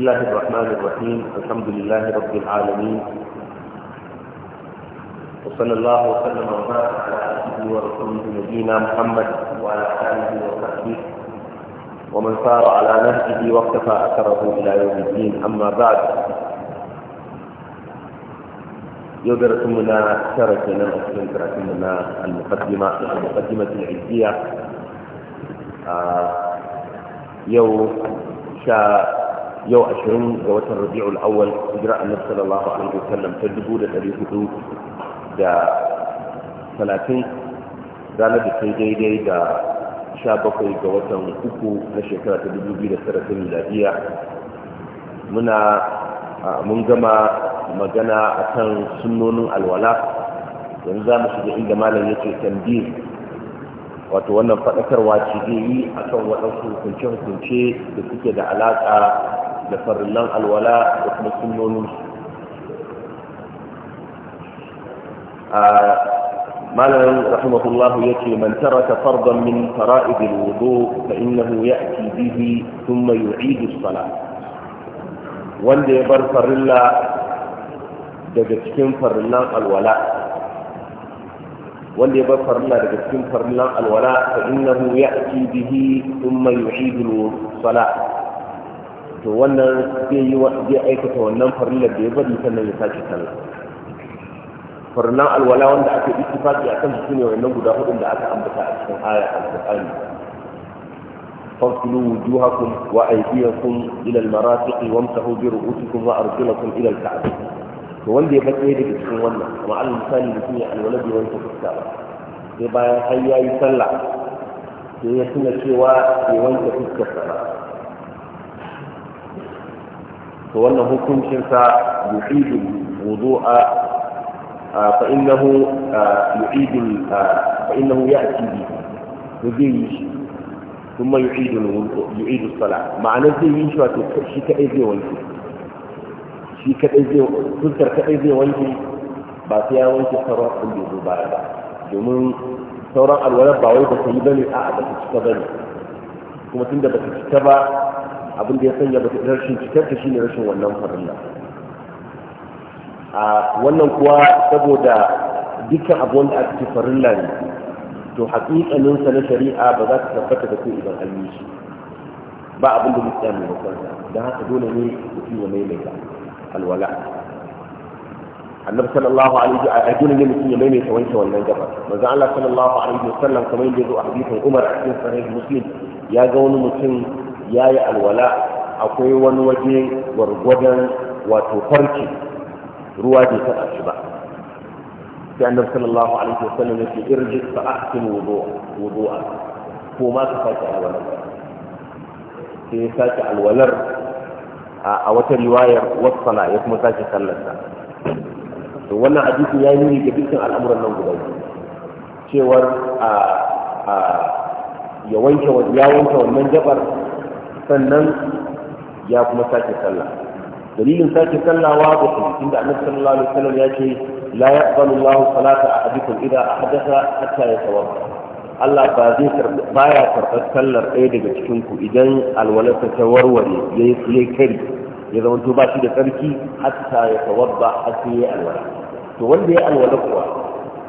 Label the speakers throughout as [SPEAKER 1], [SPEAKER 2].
[SPEAKER 1] الله الرحمن الرحيم الحمد لله رب العالمين وصلى الله وسلم وبارك على عبده ورسوله نبينا محمد وعلى اله وصحبه ومن سار على نهجه واقتفى اثره الى يوم الدين اما بعد يدرس منا شرك لنا منا المقدمه المقدمه العزيه آه يوم شاء yau ashirin ga watan rabi'ul awwal hijira annabi sallallahu alaihi wasallam ta dubu da ɗari hudu da talatin ranar da sai daidai da sha bakwai ga watan uku na shekara ta dubu biyu da tara ta miladiya muna mun gama magana akan sunnonin alwala yanzu za mu shiga inda malam yake tambir wato wannan faɗakarwa ce zai yi akan waɗansu hukunce-hukunce da suke da alaƙa لفر الله الولاء وكما سنون آه، مالا رحمه الله يتي من ترك فرضا من فرائض الوضوء فإنه يأتي به ثم يعيد الصلاة وان دي بر فر الله دجتكم فر الله الولاء وان دي بر فر الله دجتكم فر الله الولاء فإنه يأتي به ثم يعيد الصلاة to wannan zai yi zai aikata wannan farillar da ya bari sannan ya sake sallah farillan alwala wanda aka yi tifaki a kan su ne wannan guda hudun da aka ambata a cikin aya alqur'ani فاغسلوا وجوهكم وايديكم الى المرافق وامسحوا برؤوسكم وارجلكم الى الكعبين to wanda ya bace daga cikin wannan kuma al misali mutum ya alwala bai wanke fuska ba sai bayan har yayi sallah sai ya tuna cewa bai wanke fuskar ba to wannan hukuncinsa yu'idu wudu'a fa innahu yu'idu fa innahu ya'ti bi shi, kuma yu'idu yu'idu sala ma'ana zai yi shi wato shi kadai zai wanke shi kadai zai fuskar kadai zai wanke ba sai ya wanke sauran abin da zo baya ba domin sauran alwalar ba wai ba ta yi bane a'a ba ta cika bane kuma tunda ba ta cika ba abin da ya sanya ba ta rashin cikar ta shine rashin wannan farin farilla a wannan kuwa saboda dukkan abu wanda aka ce farilla ne to haƙiƙanin sa na shari'a ba za ta tabbata da ko idan an yi shi ba abin da mutum mai mafarka don haka dole ne mutum ya maimaita alwala annabi sallallahu alaihi wa sallam dole ne mutum ya maimaita wanke wannan gaba manzo Allah sallallahu alaihi wa sallam kamar yadda ya zo a hadisin Umar a cikin sahih Muslim ya ga wani mutum ya yi alwala akwai wani waje gwargwadon wato farki ruwa bai taɓa shi ba sai annabi sallallahu alaihi wasallam yake irji fa ahsin wudu'a ko ma ka sake alwalar sai ya sake alwalar a wata riwayar wasfala ya kuma sake sallarsa to wannan hadisi ya yi nuni ga dukkan al'amuran nan guda biyu cewar a ya wanke wannan jabar sannan ya kuma sake sallah dalilin sake sallah wa da kuma inda annabi sallallahu alaihi wasallam ya ce la yaqbalu Allahu salata ahadikum idza ahdatha hatta yatawadda Allah ba zai karbi baya karbar sallar ɗaya daga cikin ku idan alwalarsa ta warware yayi yayi kari ya zama to ba shi da tsarki hatta ya tawadda har sai ya alwala to wanda ya alwala kuwa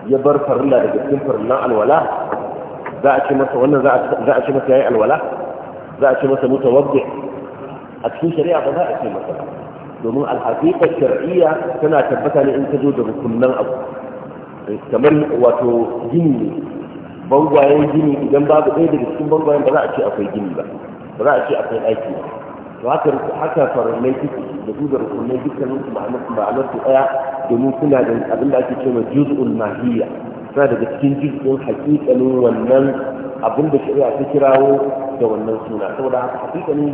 [SPEAKER 1] ya bar farilla daga cikin farillan alwala za a ce masa wannan za a ce masa yayi alwala za a ce masa wadda a cikin shari'a ba za a ce masa ba domin alhaƙiƙa shari'a tana tabbata ne in ka zo da rukunnan abu kamar wato gini ne bangwayen gini idan babu ɗaya daga cikin bangwayen ba za a ce akwai gini ba ba za a ce akwai aiki ba to haka haka mai duka da duba rukunan ma'anar su ɗaya domin suna da abin da ake cewa juz'ul mahiyya suna daga cikin jirgin hakikalin wannan abin da shari'a ta kirawo da wannan suna saboda haka hakikalin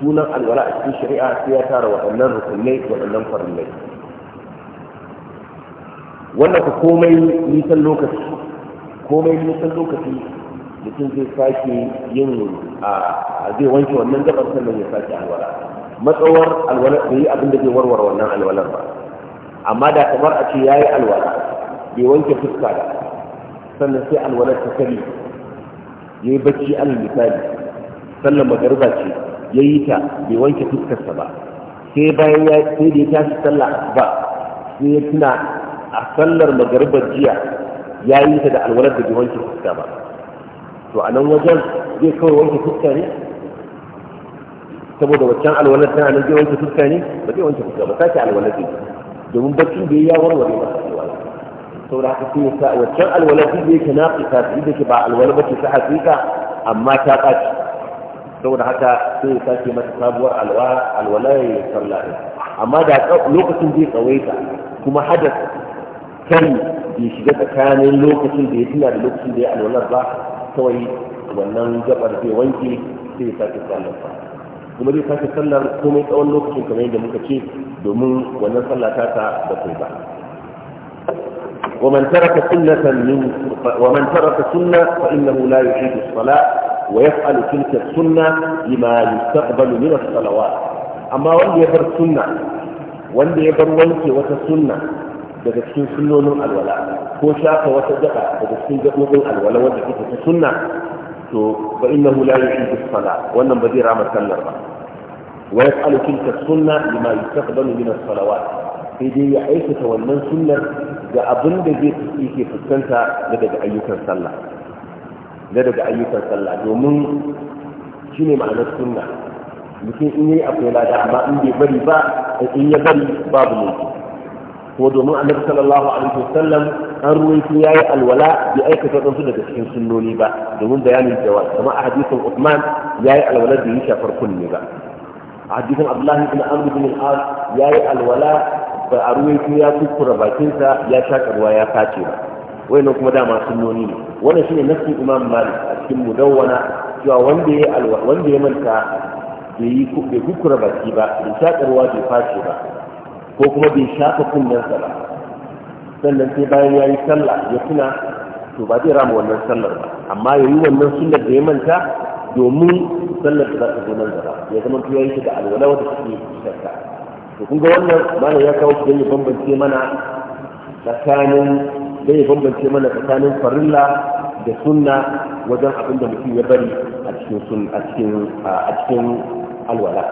[SPEAKER 1] sunan alwala a cikin shari'a sai ya tara waɗannan rukunai waɗannan farillai wannan ka komai nisan lokaci komai nisan lokaci mutum zai sake yin a zai wanke wannan gaban sannan ya sake alwala matsawar alwala bai yi abin da zai warware wannan alwalar ba amma da kamar a ce ya yi alwala bai wanke fuska da sannan sai alwalar ta kare ya yi bacci alal misali sallan magarba ce ya yi ta bai wanke fuskarsa ba sai bayan ya sai da ya tashi sallah asuba sai ya tuna a sallar magarbar jiya ya yi ta da alwalar da bai wanke fuska ba to a nan wajen zai kawai wanke fuska ne saboda waccan alwalar tana nan zai wanke fuska ne ba zai wanke fuska ba sake alwalar zai domin baccin da ya warware masa saboda haka sun yi waccan alwala duk da yake naqisa duk da ba alwala bace ta hakika amma ta ɓaci saboda haka sai ya sake mata sabuwar alwala ya sallare amma da lokacin zai tsawaita kuma hadas kan bai shiga tsakanin lokacin da ya tuna da lokacin da ya alwalar ba kawai wannan gabar zai wanke sai ya sake sallar kuma zai sake sallar komai tsawon lokacin kamar yadda muka ce domin wannan sallah ta da kai ba ومن ترك سنة من ومن ترك سنة فإنه لا يعيد الصلاة ويفعل تلك السنة لما يستقبل من الصلوات أما وين يبر سنة وين يبر وانك وتسنة بدكتين سنون الولاء هو شاك وتدقى بدكتين جمهور الولاء وتدقى سنة. فإنه لا يعيد الصلاة وانا بدير عمل كالنربا ويفعل تلك السنة لما يستقبل من الصلوات sai dai ya aikata wannan sunnar ga abin da zai ke fuskanta na daga ayyukan sallah na daga ayyukan sallah domin shi ne ma'anar sunna mutum in yi akwai lada amma in bai bari ba in ya bari babu laifi ko domin annabi sallallahu alaihi wasallam an ruwaito yayi alwala bai aikata dan su daga cikin sunnoni ba domin bayanin jawab kamar a hadisin Uthman yayi alwala da yi shafar kunne ba a hadisin Abdullahi ibn Amr ibn al-As yayi alwala ba a ruwaito ya kuskura bakinsa ya shaƙa ruwa ya sace ba wayannan kuma dama sunnoni ne wannan shine nassin imam malik a cikin mudawwana cewa wanda ya wanda manta bai yi bai baki ba bai shaƙa ruwa bai face ba ko kuma bai shafa kunnensa ba sannan sai bayan ya yi sallah ya tuna to ba zai rama wannan sallar ba amma ya yi wannan sunnar da ya manta domin sallar da za ta zo nan gaba ya zama to ya da alwala wanda take shakka to kun ga wannan malam ya kawo shi bambance mana tsakanin da bambance mana tsakanin farilla da sunna wajen abin da mutum ya bari a cikin sun a cikin a cikin alwala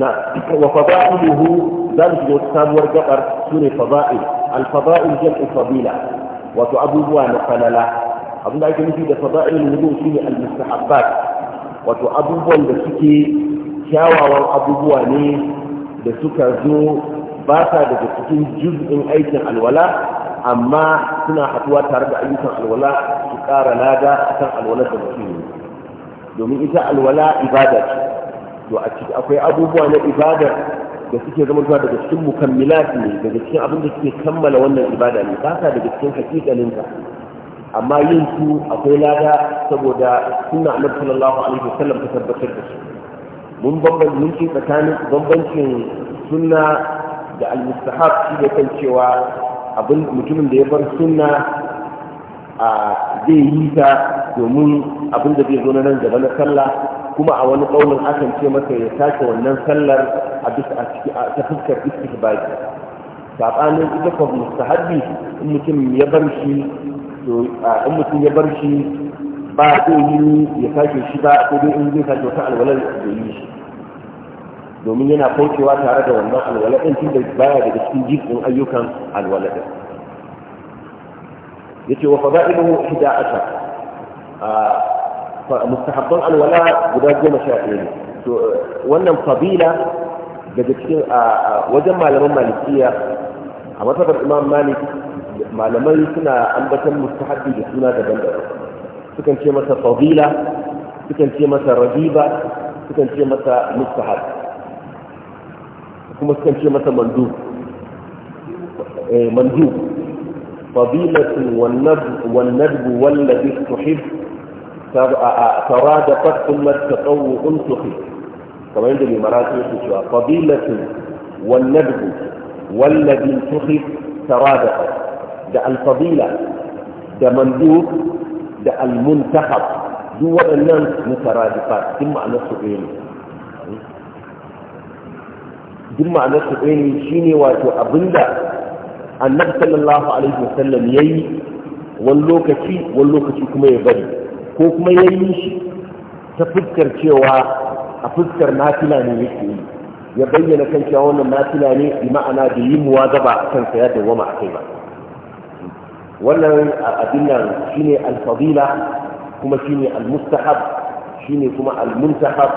[SPEAKER 1] na wa fada'iluhu za mu shiga sabuwar gabar sune fada'il al fada'il jam'u fadila wato abubuwa na falala abin da ake nufi da fada'ilul wudu shine al-mustahabbat wato abubuwan da suke kyawawan abubuwa ne da suka zo ba sa daga cikin juz'in aikin alwala amma suna haɗuwa tare da ayyukan alwala su ƙara lada akan alwala da mutum domin ita alwala ibada ce to a ciki akwai abubuwa na ibada da suke zama zuwa daga cikin mukammilat ne daga cikin abin da suke kammala wannan ibada ne ba sa daga cikin hakikalinta amma yin su akwai lada saboda suna annabi sallallahu alaihi wasallam ta tabbatar da su mun bambanci mun tsakanin bambancin sunna da al-mustahab shi da kan cewa abin mutumin da ya bar sunna a zai yi ta domin abin da zai zo na nan gaba na sallah kuma a wani ƙaunin akan ce masa ya tace wannan sallar a bisa a ciki ta fuskar istihbabi saɓanin ita ko mustahabi in mutum ya bar shi to in mutum ya bar shi ba zai yi ya sake shi ba ko dai in zai sake wata alwalar da yi shi domin yana kaucewa tare da wannan alwalar ɗin tun da baya daga cikin jikin ayyukan alwalar ɗin ya ce wa fada'ilu hida ashar mustahabban alwala guda goma sha ɗaya ne to wannan fabila daga cikin wajen malaman malikiya a matsabar imam malik malamai suna ambatan mustahabbi da suna daban-daban sukan ce masa fadila sukan ce masa rabiba sukan ce masa mustahab kuma sukan ce masa mandu mandu fadilatun wannadbu wallazi tuhib tarada taradafat kuma tatawu'un untuhi kamar yadda mai maratu yake cewa fadilatun wannadbu wallazi tuhib tarada da alfadila da mandub da almuntahab duk waɗannan mutaradifat duk ma'anar su ɗaya ne duk ma'anar su ɗaya ne shine wato abinda annabi sallallahu alaihi wasallam yi wani lokaci wani lokaci kuma ya bari ko kuma ya yi shi ta fuskar cewa a fuskar nafila ne yake yi ya bayyana kan cewa wannan nafila ne bi ma'ana da yi muwa gaba a kansa ya dawwama a kai ba wannan abin nan shine al-fadila kuma shine al-mustahab shine kuma al-muntahab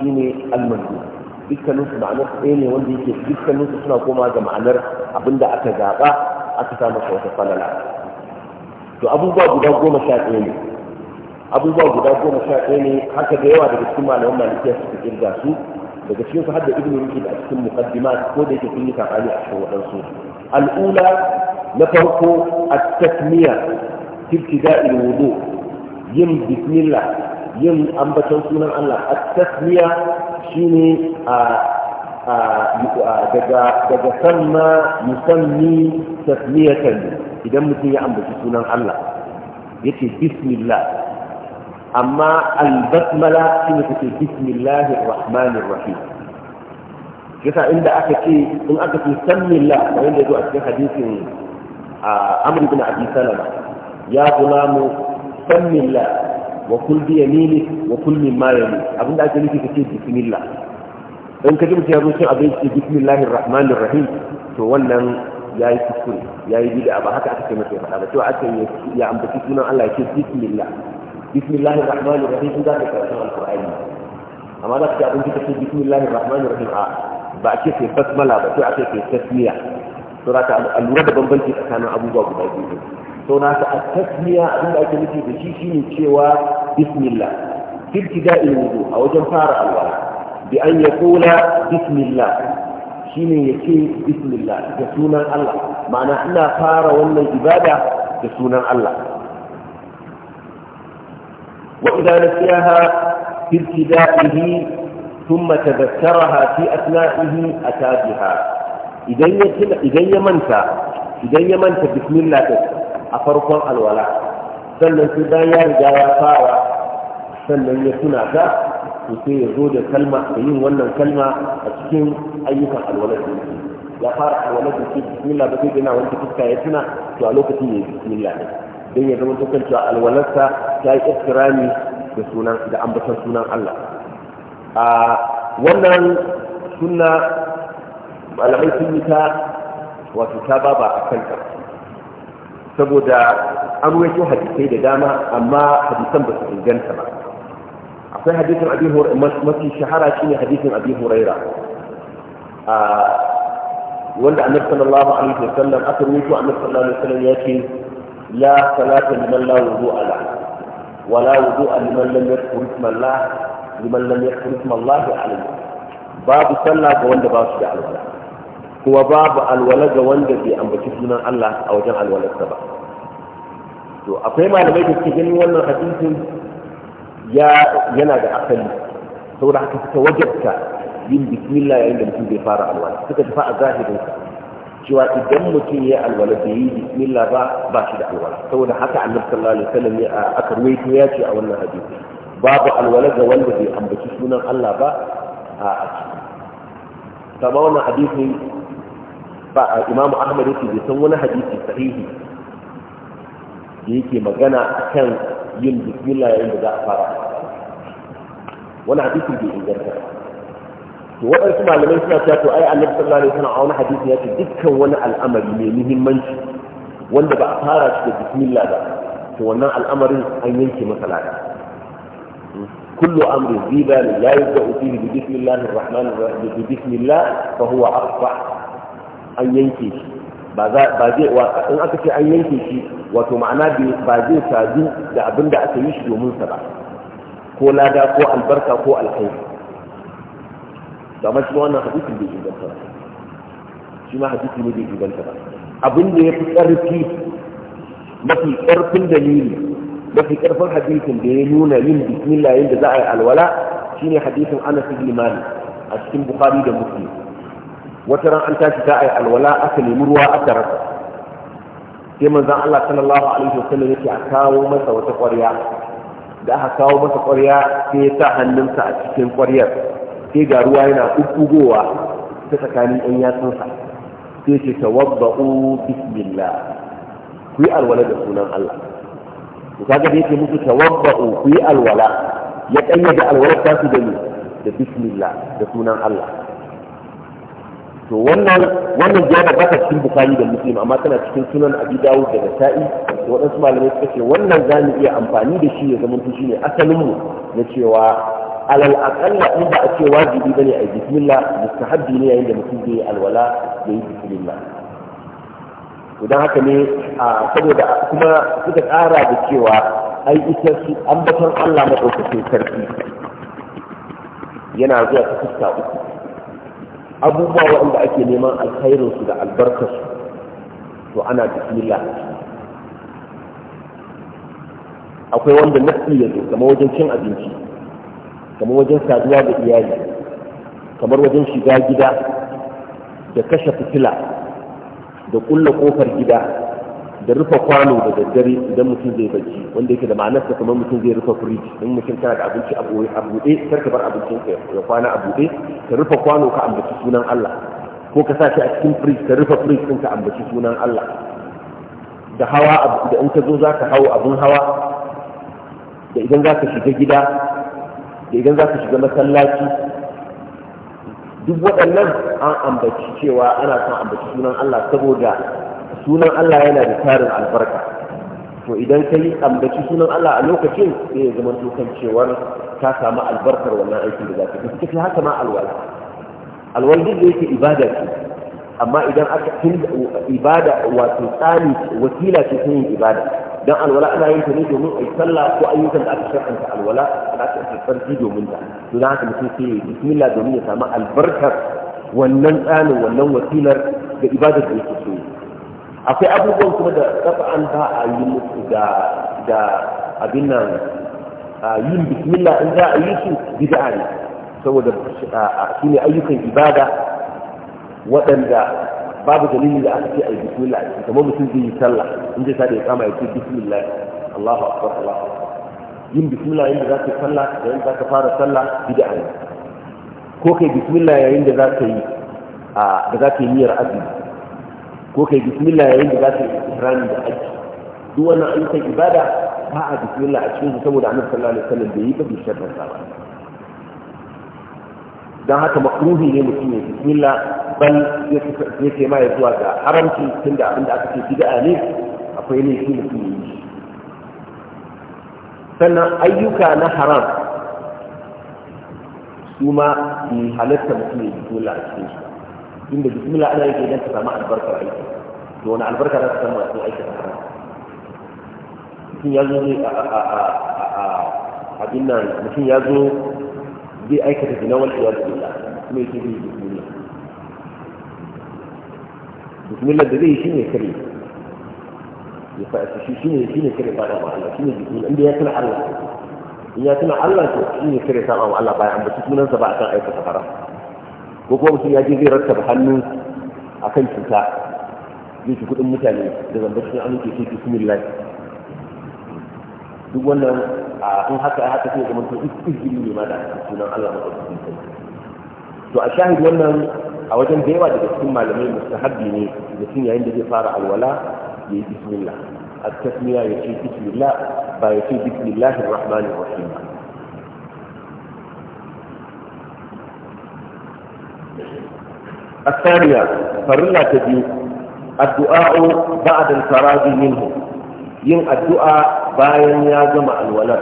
[SPEAKER 1] shine al-mandub dukkanin su ma'anar ɗaya ne wanda yake dukkanin su suna koma ga ma'anar abinda aka zaɓa aka sa masa wata falala to abubuwa guda goma sha ɗaya ne abubuwa guda goma sha ɗaya ne haka da yawa daga cikin malaman malikiya suka kirga su daga cikin su har da ibnu rushd a cikin muqaddimat ko da yake sun yi kafani a cikin waɗansu الأولى نترك التسمية في ابتداء الوضوء يم بسم الله يم أم بشوسونا الله التسمية شيني آه، آه، آه، دجا سمى يسمي تسمية إذا مسمي أم بشوسونا الله يتي بسم الله أما البسملة شيني بسم الله الرحمن الرحيم yasa inda aka ce in aka ce kamar zo a cikin hadisin amr ibn abi salama ya gulamu sammilla wa kul bi yamini wa kul yamini ake nufi bismillah in ka ji mutum ya zo cin bismillahir rahmanir rahim to wannan ya yi kuskure ya yi bida ba haka aka ce masa ya faɗa ba cewa aka ya ambaci sunan Allah ya ce bismillah bismillahir rahmanir rahim in za ka amma za ka ce bismillahir rahmanir rahim a ba a ce kai basmala ba sai a ce kai tasmiya to za ka lura da bambanci tsakanin abubuwa guda biyu to na ta tasmiya abin da ake nufi da shi shine cewa bismillah ibtida'il wudu a wajen fara alwala bi an yaqula bismillah shine yake bismillah da sunan Allah ma'ana ina fara wannan ibada da sunan Allah wa idan nasiha ibtida'ihi ثم تذكرها في أثنائه أتى بها إذن يمنت إذن يمنت بسم الله أفرق الولاء sannan su bayan ya riga ya fara sannan ya tuna ta to sai ya zo da kalma da yin wannan kalma a cikin ayyukan alwalar ya fara alwalar da ke bismillah ba sai yana wanke fuska ya tuna to a lokacin ya yi bismillah ne don ya zama tukan cewa alwalarsa ta yi iskirani da sunan da ambatar sunan Allah a wannan suna malamai sun yi ta wato ta baba a kanta saboda an wato hadisai da dama amma hadisan ba su inganta ba akwai hadisin abi mafi shahara shi ne hadisin abi huraira wanda annabi sallallahu alaihi wasallam aka rubuta annabi sallallahu alaihi wasallam yace la salata liman la wudu'a ala. wala wudu'a liman lam yadhkur isma babu sallah ga wanda basu su da alwala kuma babu alwala ga wanda bai ambaci sunan Allah a wajen alwalarsa ba to akwai malamai da suke wannan hadisin ya yana da asali saboda haka wajabta yin bismillah yayin da mutum bai fara alwala suka tafi a zahirinsa cewa idan mutum ya alwala da yi bismillah ba ba shi da alwala saboda haka annabi sallallahu alaihi wasallam ya aka ruwaito ya ce a wannan hadisi babu alwala ga wanda bai ambaci sunan Allah ba a ciki kama wannan hadisi ba imamu ahmad yake bai san wani hadisi sahihi da yake magana akan yin bismillah yayin da za a fara wani hadisi bai inganta ba to waɗansu malamai suna cewa to ai annabi sallallahu alaihi wasallam a wani hadisi ya ce dukkan wani al'amari mai muhimmanci wanda ba a fara shi da bismillah ba to wannan al'amarin an yanke masa lada kullu amri ziba la yabda'u fihi bi bismillahir rahmanir rahim bi bismillah fa huwa asfah an yanke shi ba za ba zai in aka ce an yanke shi wato ma'ana ba zai sadu da abin da aka yi shi domin sa ba ko lada ko albarka ko alkhairi to amma shi wannan hadisin bai inganta ba shi ma hadisi ne bai inganta ba abin da ya fi ƙarfi mafi ƙarfin dalili mafi ƙarfin hadisin da ya nuna yin bismillah yadda za a yi alwala shine hadisin anas ibn malik a cikin bukhari da muslim wata ran an tashi za a yi alwala aka nemi ruwa aka rasa sai manzon Allah sallallahu alaihi wasallam yake a kawo masa wata ƙwarya da aka kawo masa ƙwarya sai ya sa hannunsa a cikin ƙwaryar sai ga ruwa yana ƙuƙugowa ta tsakanin ɗan yatsunsa sai ce tawabba'u bismillah ku yi alwala da sunan Allah to kaga da yake musu tawabba'u ku yi alwala ya ɗanya da alwala ta su da ni da bismillah da sunan Allah to wannan wannan jama'a ba ta cikin bukari da muslim amma tana cikin sunan abi dawud da nasa'i da waɗansu malamai suka ce wannan za mu iya amfani da shi ya zama shi ne asalinmu na cewa alal aqalla in ba a jibi ba ne a bismillah mustahabbi ne yayin da mutum zai alwala da yi bismillah to haka ne saboda kuma suka ƙara da cewa ai ita su ambaton Allah madaukakin sarki yana zuwa ta fuska uku abubuwa waɗanda ake neman alkhairinsu da albarkarsu to ana bismillah akwai wanda nafsi ya zo kamar wajen cin abinci kamar wajen saduwa da iyali kamar wajen shiga gida da kashe fitila da kulla kofar gida da rufe kwano da daddare idan mutum zai bacci wanda yake da ma'anarsa kamar mutum zai rufe firiji in mutum tana da abinci a buɗe kar ka bar abincin ka ya kwana a buɗe ka rufe kwano ka ambaci sunan Allah ko ka sa shi a cikin firij ka rufe firij ɗin ka ambaci sunan Allah da hawa da in ka zo za ka hau abin hawa da idan za ka shiga gida idan za ka shiga masallaci duk waɗannan an ambaci cewa ana son ambaci sunan Allah saboda sunan Allah yana da tarin albarka to idan ka yi ambaci sunan Allah a lokacin sai ya zama tukan cewar ta samu albarkar wannan aikin da za ka yi haka ma alwala alwala da yake ibada ce amma idan aka ibada wato tsani wakila ce ta yin ibada dan alwala ana yin ta ne domin a yi sallah ko ayyukan da aka shakanta alwala ana shakanta farji domin ta to dan haka mutum sai ya bismillah domin ya samu albarkar wannan tsanin wannan wasilar da ibadar da yake so akwai abubuwan kuma da kafa'an ba a yi musu da da abin nan yin bismillah in za a yi su bid'a ne saboda shi ne ayyukan ibada waɗanda babu dalili da aka ce a yi bismillah a mutum zai yi sallah in zai sada ya kama ya ce bismillah Allahu akbar Allahu yin bismillah yayin da za yi sallah da yayin da za fara sallah bid'a ne ko kai bismillah yayin da za yi a da za yi niyyar azumi ko kai bismillah yayin da yi ihrami da duk wannan ayyukan ibada ba a bismillah a cikin saboda annabi sallallahu alaihi wasallam bai yi ba bi sharrin ba don haka makruhi ne mutum ya bismillah ban zai kai ma ya zuwa ga haramci tun da abin da aka ce bid'a ne akwai ne shi mutum ya yi sannan ayyuka na haram su ma bi halatta mutum ya bismillah a cikin shi inda bismillah ana yake idan ta samu albarkar aiki to wani albarka za ta samu a cikin aikin haram mutum ya zo ne a abin nan mutum ya zo zai aikata zina wal iyad billah kuma yake yi bismillah bismillah da zai shine kare ya fa shi shine shine kare fara Ba Allah ne bismillah inda ya Allah in ya tana Allah to shine kare sa ma Allah bayan ambaci sunan sa ba a san aikata fara ko kuma mutum ya je zai rattaba hannu akan cuta zai ci kudin mutane da zambar sun amince bismillah duk wannan in haka haka sai zama to izgili ne ma da sunan Allah madaukakin sarki to a shahid wannan a wajen da yawa daga cikin malamai mustahabbi ne mutum yayin da zai fara alwala ya yi bismillah التسمية يأتي بسم الله فيأتي بسم الله الرحمن الرحيم الثانية فرلا تجي الدعاء بعد الفراغ منه ين الدعاء bayan ya gama alwala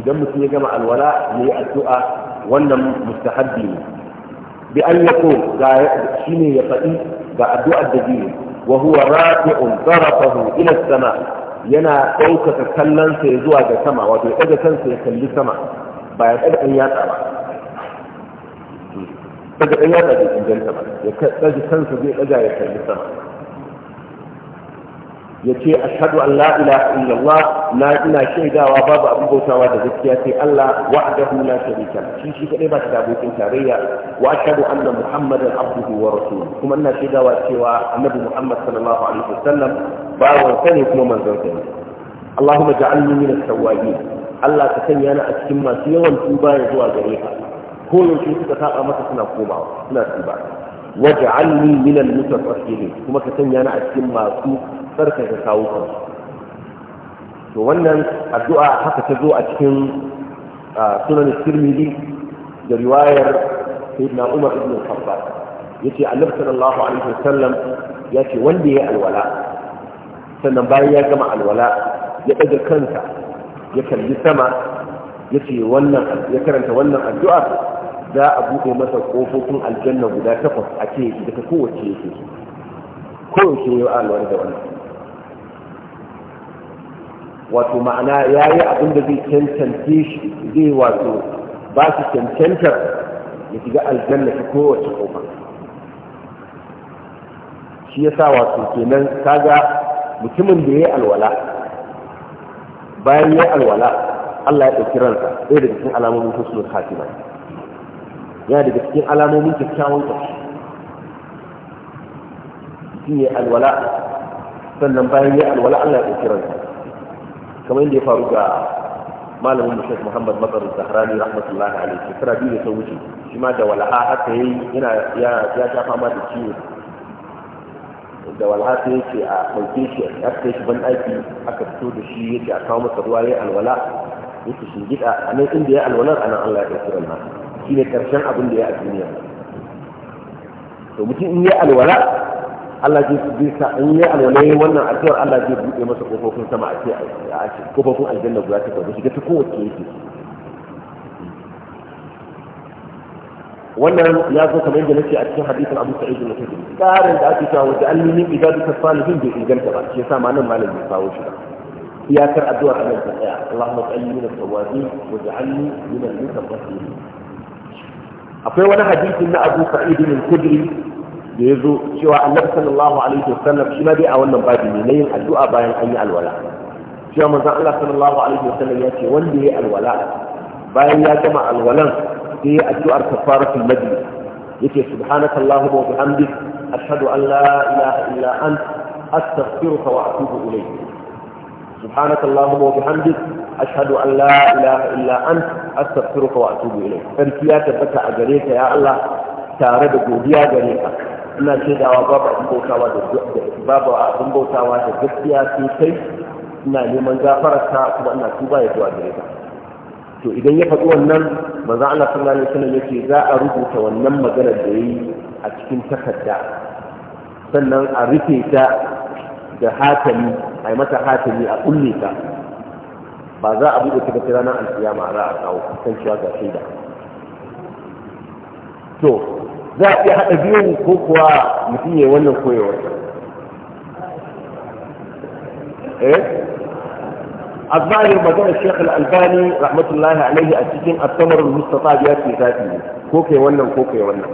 [SPEAKER 1] idan mutum ya gama alwala ya yi addu'a wannan mustahabbi ne bi an yako ga shine ya faɗi ga addu'ar da biyu wa huwa rafi'un tarafahu ila sama yana ɗaukaka kallonsa ya zuwa ga sama wato ya ɗaga kansa ya kalli sama ba ya ɗaga ɗan yatsa ba daga ɗan yatsa bai inganta ba ya ɗaga kansa zai ɗaga ya kalli sama ya ce ashhadu an La'ila illallah na ina shaidawa babu abin bautawa da gaskiya sai Allah wahdahu la sharika lahu shi shi kadai ba shi da abokin tarayya wa ashhadu anna muhammadin abduhu wa rasuluhu kuma ina shaidawa cewa annabi muhammad sallallahu alaihi wasallam bawon sa ne kuma manzon sa ne اللهم اجعلني من التوابين الله تسني انا اتكم ما سوى التوبة يزوى غريبا كل شيء تتاقى ما تسنى كوما سنى توبة واجعلني من kuma ka sanya ni a cikin masu. Ka tsarkaka kawukan to wannan addu'a haka ta zo a cikin sunan tirmidhi da riwayar sayyidina umar ibn al-khattab yace annabi sallallahu alaihi wasallam yace wanda ya alwala sannan bayan ya gama alwala ya daga kansa ya kalli sama yace wannan ya karanta wannan addu'a za a buɗe masa ƙofofin aljanna guda takwas a ce daga ta kowace yake kowace ya alwala da wannan wato ma'ana ya yi abin da zai cancanta shi zai wato ba shi cancantar da shiga aljanna ta kowace kofa shi ya sa wato kenan kaga mutumin da ya yi alwala bayan ya yi alwala Allah ya ɗauki ransa ɗaya daga cikin alamomin husnul khatima yana daga cikin alamomin kyakkyawan ƙarshe mutum ya yi alwala sannan bayan ya yi alwala Allah ya ɗauki ransa kamar yadda ya faru ga malamin mu Sheikh Muhammad Makar Zahrani rahmatullahi alaihi shekara biyu da ta wuce shi ma da haka yi yana ya ya ta fama da ciwo da walha sai yake a ɗauke shi a kai shi ban aiki aka fito da shi ce a kawo masa ruwa ya alwala yake shi gida a nan inda ya alwalar a nan Allah ya ɗauki shi ne karshen abin da ya a duniya to mutum in ya alwala Allah zai bi sa in yi alwalai wannan addu'ar Allah zai buɗe masa kofofin sama a ce a ce kofofin aljanna guda ta kwaje shiga ta kowace yake wannan ya zo kamar yadda nake a cikin hadisin Abu Sa'id bin Khudri tsarin da ake cewa wanda an nemi ibadu salihin bai inganta ba shi yasa ma nan malam bai kawo shi ba iyakar addu'ar Allah ta tsaya Allahumma salli min al-tawabin waj'alni min al-mutaqabbilin akwai wani hadisin na Abu Sa'id bin Khudri da ya zo cewa annabi sallallahu alaihi wasallam shi ma dai a wannan babi ne na yin addu'a bayan an yi alwala cewa manzon Allah sallallahu alaihi wasallam ya ce wanda ya yi alwala bayan ya gama alwalan sai ya addu'ar kafaratul majlis yake subhanakallahumma wa bihamdik ashhadu an la ilaha illa anta astaghfiruka wa atubu ilayk سبحانك اللهم وبحمدك أشهد أن لا إله إلا أنت أستغفرك ina shaidawa babu abin bautawa da babu abin bautawa da gaskiya sai kai ina neman gafararsa kuma ina tuba ya zuwa gare ka to idan ya faɗi wannan maza ana sallallahu ne ya yake za a rubuta wannan magana da ya yi a cikin takarda sannan a rufe ta da hatami a yi mata hatami a kulle ta ba za a buɗe ta ranar alkiyama za a kawo kan cewa ga shaida to za a iya haɗa biyun ko kuwa mutum ya wannan koyewar eh الظاهر مجال الشيخ الألباني رحمة الله عليه أتجن الثمر المستطاع يأتي ذاته كوكي ولا كوكي ولا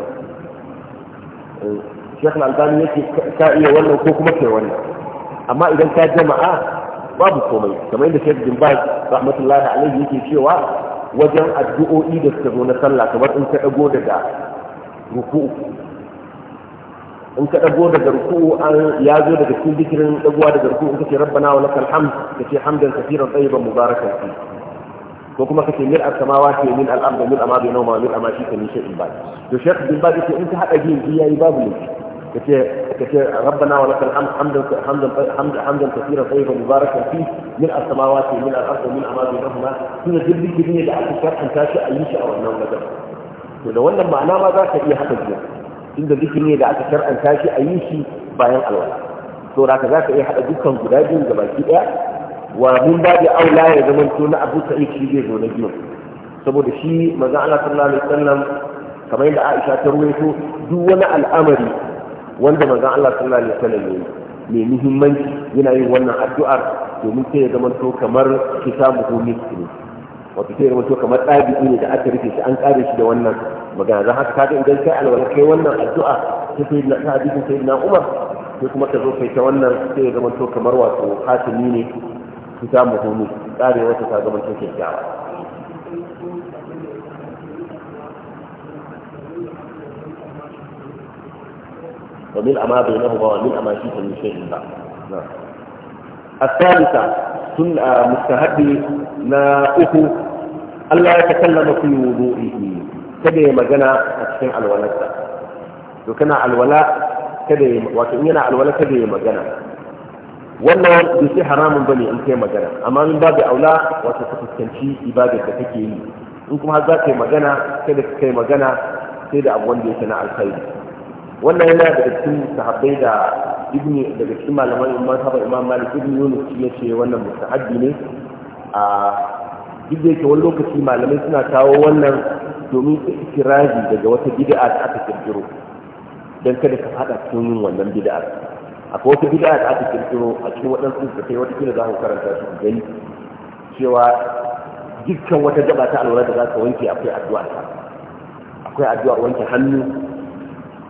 [SPEAKER 1] الشيخ الألباني يأتي كائية ولا كوكي ولا أما إذا كان جماعة babu komai kamar yadda Sheikh Bin Baz rahmatullahi alaihi yake cewa wajen addu'o'i da suka zo na sallah kamar in ka dago daga ruku'u in ka dago daga ruku'u an ya zo daga cikin zikirin dagowa daga ruku'u kace rabbana wa lakal hamd kace hamdan kaseeran tayyiban mubarakan fi ko kuma kace mil as-samawati min al-ard mil ma bainahuma wa mil ma fi kulli shay'in ba'd to shaykh bin ba'd yace in ka hada biyu yayi babu ne كتير كتير ربنا ولك الحمد حمدا حمدا حمدا حمدا كثيرا طيبا مباركا فيه من السماوات ومن الارض ومن ما بينهما كنا جبلي كبير لعبد الفتح انت شاء اي شيء او انه to da wannan ma'ana ma za ka iya haka jiya inda zikiri ne da aka shar'anta shi a yi shi bayan alwala to da ka za ka iya haɗa dukkan guda biyu ga baki ɗaya wa mun ba da aula ya zama to na abu sa'id shi zai zo na biyu saboda shi manzon Allah sallallahu alaihi wasallam kamar yadda Aisha ta ruwaito duk wani al'amari wanda manzon Allah sallallahu alaihi wasallam ya mai muhimmanci yana yin wannan addu'ar domin sai ya zama to kamar kisa ko ne. wato sai zama to kamar ɗabi'i ne da aka rufe shi an ƙare shi da wannan magana don haka kaga idan kai alwala kai wannan addu'a ta sai na hadisin sai na umar sai kuma ka zo kai ta wannan sai zama to kamar wato hatimi ne su samu hunu ƙare wata ta zama to kyakkyawa ومن أما بينهما ومن أما شئت من شيء الله نعم الثالثة سنة مستهد لا أخو ألا يتكلم في وضوئه kada ya magana a cikin alwalarsa to kana alwala kada ya alwala kada magana wannan bai sai haramun bane in kai magana amma min babu aula wato ka fuskanci ibadar da kake yi in kuma har za ka yi magana kada kai magana sai da abu wanda yake na wannan yana da cikin sahabbai da ibni daga cikin malaman imam saba imam malik ibn yunus ya ce wannan mustahabbi ne a duk da yake wani lokaci malamai suna kawo wannan domin ikirazi daga wata bid'a da aka kirkiro dan kada ka fada cikin yin wannan bid'a akwai wata bid'a da aka kirkiro a cikin waɗansu da kai wata kila za ku karanta su gani cewa dukkan wata gaba ta alwala da za ka wanke akwai addu'a akwai addu'ar wanke hannu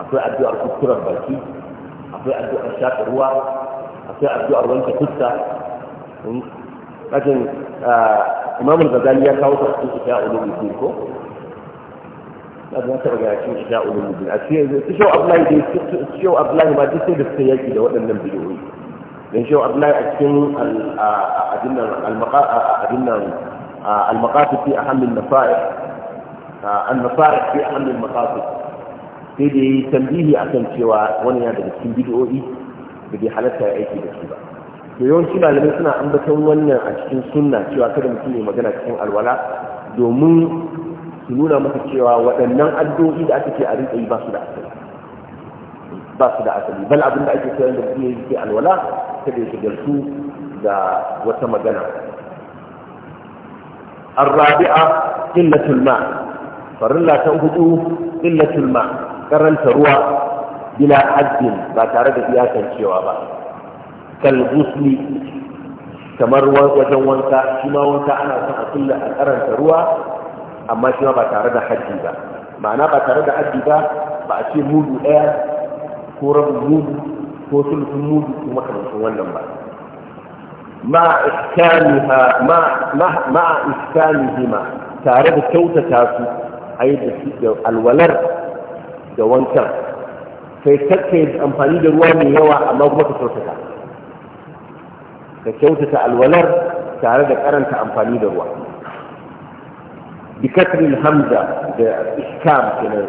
[SPEAKER 1] akwai addu'ar kuskurar baki akwai addu'ar shafa ruwa akwai addu'ar wanke fuska kajin imam al-ghazali ya kawo ta cikin isha ulumuddin ko kaji ya taba gaya cikin isha ulumuddin a cikin shau abdullahi dai shau abdullahi ma duk sai da suka yaki da waɗannan bidiyoyi dan shau abdullahi a cikin adinnan al-maqasid al-maqasid fi ahammin nasa'ir an-nasa'ir fi ahammin maqasid sai da yi tambihi akan cewa wani yana daga cikin bid'o'i da bai halatta ya aiki da shi ba to yawanci malamai suna ambaton wannan a cikin sunna cewa kada mutum ya magana cikin alwala domin su nuna maka cewa waɗannan addu'o'i da aka ce a rinka yi ba su da asali ba su da asali bal abin da ake sayar da mutum ya yi alwala kada ya shigar su da wata magana الرابعة قلة الماء فرلا تنهدو قلة الماء karanta ruwa bila haddin ba tare da cewa ba kal gusli kamar wajen wanka shi ma wanka ana son a kulla a karanta ruwa amma shi ma ba tare da haddi ba ma'ana ba tare da haddi ba ba a ce mudu ɗaya ko rabin mudu ko sulhun mudu ko makamancin wannan ba ma iskaniha tare da kyautata su a yi da alwalar da wankan kai kakka amfani da ruwa mai yawa amma kuma ka kyautata ka kyautata alwalar tare da karanta amfani da ruwa بكسر الهمزة بإحكام كده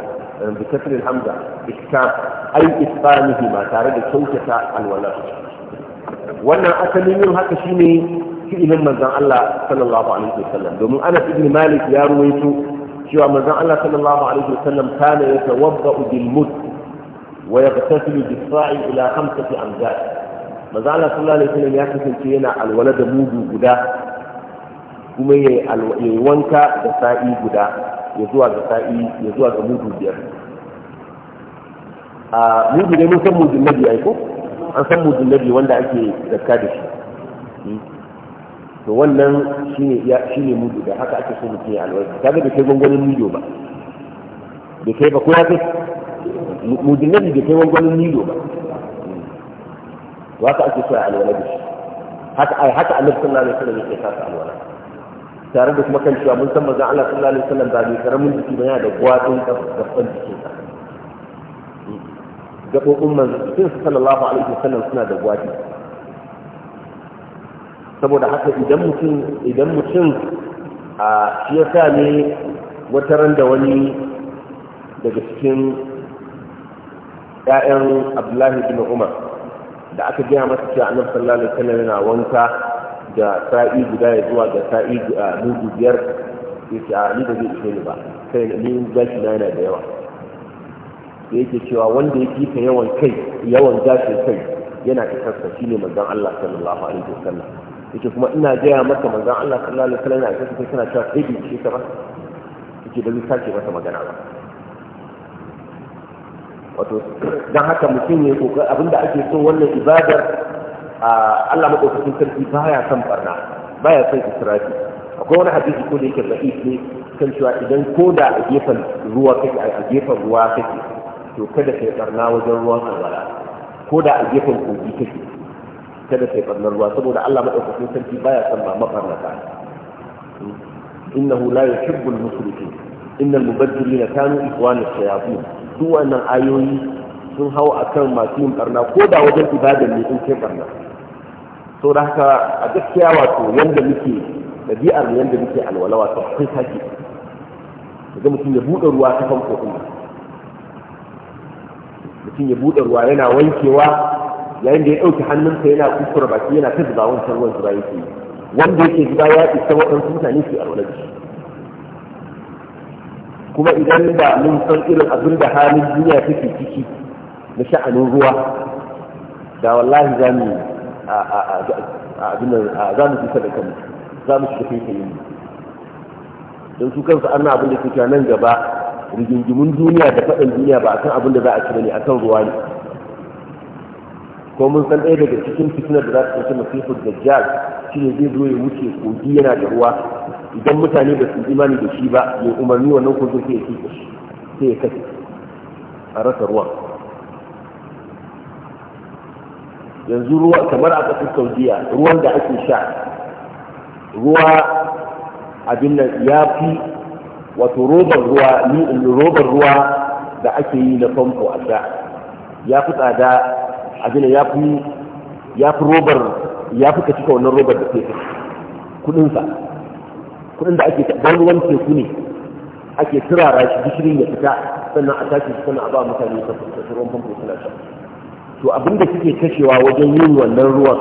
[SPEAKER 1] بكسر الهمزة إحكام أي إتقانهما تارد شوكة الولاء وانا أسمي من هكا شيني في إلم من الله صلى الله عليه وسلم دوم أنا ابن مالك يا رويتو cewa manzon Allah sallallahu alaihi wasallam kana yatawadda'u bil mud wa yaghtasilu bis sa'i ila khamsati amdad manzon Allah sallallahu alaihi wasallam ya kasance yana alwala da mudu guda kuma yayi wanka da sa'i guda ya zuwa ga sa'i ya zuwa ga mudu biyar a mudu ne mun san mudun nabi ai ko an san mudun nabi wanda ake zakka da shi hmm. to wannan shi ne mudu da haka ake so mutum ya ta kaga da kai gwangwanin nido ba da kai ba ko ya kai mudin nan da kai gwangwanin nido ba to haka ake so a alwala da shi haka ai haka annabi sallallahu alaihi wasallam yake kasa alwala tare da kuma kan cewa mun san manzon Allah sallallahu alaihi wasallam ba bai karamin jiki ba yana da gwatsun gaban jikinsa gabobin manzon sallallahu alaihi wasallam suna da gwatsun saboda haka idan mutum idan mutum a shi ya sa ne wata ran da wani daga cikin ƴaƴan abdullahi bin umar da aka gaya masa cewa annabi sallallahu alaihi wasallam yana wanka da sa'i guda ya zuwa ga sa'i mudu biyar yake a ni da zai ishe ni ba kai ni gashi na yana da yawa da yake cewa wanda ya kifa yawan kai yawan gashin kai yana isarsa shine manzon Allah sallallahu alaihi wasallam yake kuma ina gaya maka manzon Allah sallallahu alaihi wasallam a cikin suna cewa kai bi shi ka ba yake da zai sake masa magana ba wato dan haka mutum ya ko abinda ake so wannan ibadar Allah madaukakin sarki baya son barna baya son israfi akwai wani hadisi ko da yake da'if ne kan cewa idan ko da a gefen ruwa kake a gefen ruwa kake to kada kai barna wajen ruwan alwala ko da a gefen kogi kake kada kai barnar ruwa saboda Allah madaukakin sarki baya son ba mafarnata innahu la yuhibbul musrifin innal mubaddirina kanu ikhwana shayatin duk wannan ayoyi sun hau akan masu yin barna ko da wajen ibadar ne in kai barna to da haka a gaskiya wato yanda muke dabi'ar yanda muke alwala wato kai sake daga mutum ya buɗe ruwa ta famfo ɗin mutum ya buɗe ruwa yana wankewa yayin da ya ɗauki hannunsa yana kuskura baki yana ta zuba wancan ruwan zuba yake wanda yake zuba ya isa waɗansu mutane su alwala da shi kuma idan da mun san irin abin da halin duniya take ciki na sha'anin ruwa da wallahi za mu za mu kusa da kanmu za mu shiga kai don su kansu an abin da ke nan gaba rigingimin duniya da faɗin duniya ba a kan abin da za a ci ne a kan ruwa ne ko mun san ɗaya daga cikin fitinar da za su ɗauki masifin dajjal shi ne zai zo ya wuce kogi yana da ruwa idan mutane ba su imani da shi ba ya umarni wannan kogin sai ya kike shi sai ya kashe a rasa ruwa yanzu ruwa kamar a ƙasar saudiya ruwan da ake sha ruwa abin nan ya fi wato robar ruwa ni robar ruwa da ake yi na famfo a sha ya fi tsada abin ya fi ya fi robar ya fi kaci wannan robar da teku kudin sa kudin da ake don ruwan teku ne ake turara shi gishirin ya fita sannan a tashi sannan a ba mutane ta ruwan famfo suna to abin da suke kashewa wajen yin wannan ruwan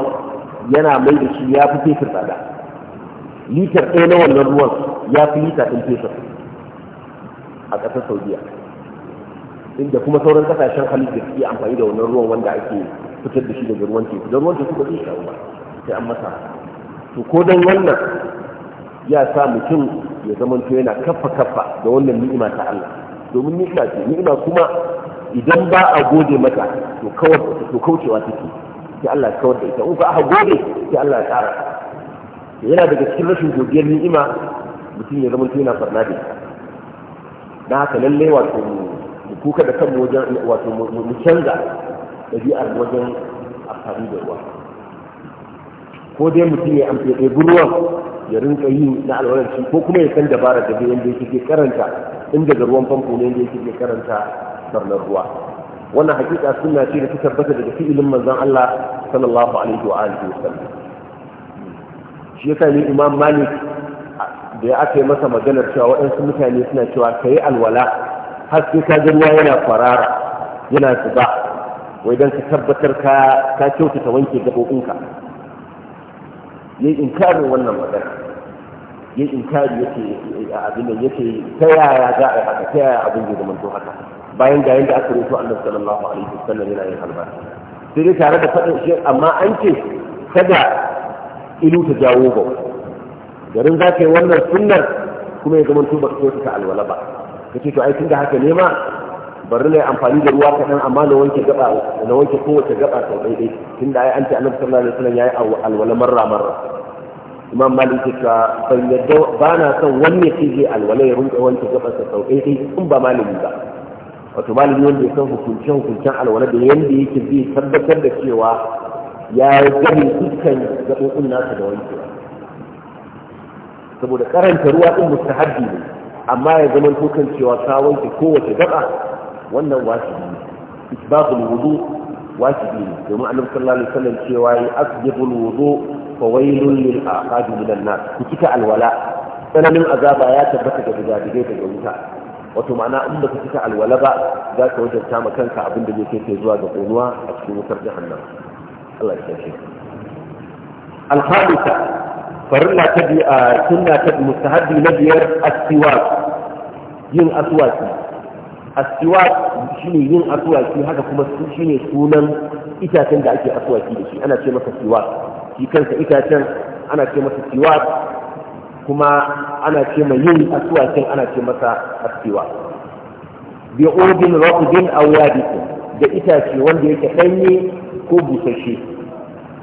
[SPEAKER 1] yana mai da shi ya fi fetur tsada litar ɗaya na wannan ruwan ya fi lita ɗin fetur a ƙasar saudiya inda kuma sauran kasashen halittu da suke amfani da wannan ruwan wanda ake fitar da shi daga ruwan teku da ruwan teku ba zai shawo ba sai an masa to ko don wannan ya sa mutum ya zama to yana kafa kafa da wannan ni'ima ta Allah domin ni'ima ce ni'ima kuma idan ba a gode mata to kawar to kaucewa take sai Allah ya kawar da ita in ka aka gode sai Allah ya kara. yana daga cikin rashin godiyar ni'ima mutum ya zama to yana farna da ita dan haka lallai wato mu kuka da kan wajen wato mu canza ɗabi'ar wajen amfani da ruwa ko dai mutum ya amfani da ruwan ya rinka yi na shi ko kuma ya san dabara da bayan da yake karanta in daga ruwan famfo ne da yake karanta sarnar ruwa wannan hakika suna ce da ta tabbata daga fi'ilin manzon Allah sallallahu alaihi wa alihi wasallam shi yasa ne Imam Malik da ya aka yi masa maganar cewa waɗansu mutane suna cewa kai alwala har sai ka ga yana kwarara yana zuba wai don ka tabbatar ka ka kyautata wanke gaɓoɓinka ya yi inkarin wannan magana ya yi inkari yake a abin da yake ta yaya za a haka ta yaya abin da zamanto haka bayan ga yanda aka rubuta Allah sallallahu alaihi wasallam yana yin albarka sai dai tare da faɗin shi amma an ce kada ilu ta jawo ba garin za ka yi wannan sunnar kuma ya zamanto ba ka kyautata alwala ba kace to ai da haka ne ma bari na amfani da ruwa kaɗan amma na wanke gaba na wanke kowace gaba sau ɗaiɗai da ai an ce annabi sallallahu alaihi wasallam yayi alwala marra marra imam malik ka ban yadda ba na son wani ya ce alwala ya rinka wanke gaba sau ɗaiɗai in ba malami ba wato malami wanda ya san hukuncin hukuncen alwala da yanda yake zai tabbatar da cewa ya gani dukkan gaɓoɓin nasa da wankewa saboda karanta ruwa ɗin mustahabbi ne amma ya zama kan cewa ka wanke kowace gaba wannan wajibi ne isbabul wudu wajibi ne domin annabi sallallahu alaihi wasallam cewa yi asbabul wudu fa wailul lil aqad minan nas ku cika alwala tsananin azaba ya tabbata ga digadigai daga wuta wato ma'ana in ba ka cika alwala ba za ka wajen ma kanka abin da zai kai kai zuwa ga ƙonuwa a cikin wutar jahannam Allah ya kashe الخامسة farilla ta bi a sunna ta mustahabbi na biyar aswak yin aswaki aswak shine yin aswaki haka kuma shine sunan itacen da ake aswaki da shi ana ce masa siwak shi kansa itacen ana ce masa siwak kuma ana ce ma yin aswakin ana ce masa aswak bi udin raqdin aw yabisin da itace wanda yake danye ko busasshe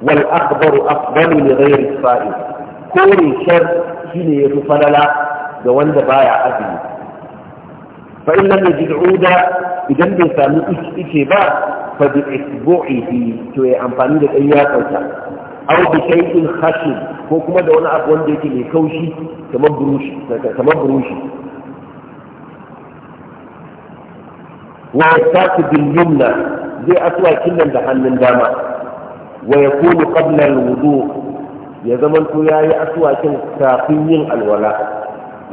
[SPEAKER 1] wal akhbaru afdalu li ghairi fa'il kore shar shine yafi falala ga wanda baya azumi fa in lam yajid uda idan bai samu ice ba fa bi isbu'ihi to ya amfani da ɗan kauta aw bi shay'in khashin ko kuma da wani abu wanda yake mai kaushi kamar burushi kamar burushi
[SPEAKER 2] wa yasaku
[SPEAKER 1] bil yumna zai asuwa kinnan da hannun dama wa yakunu qabla al-wudu' ya zamanto ya yi asuwakin kafin yin alwala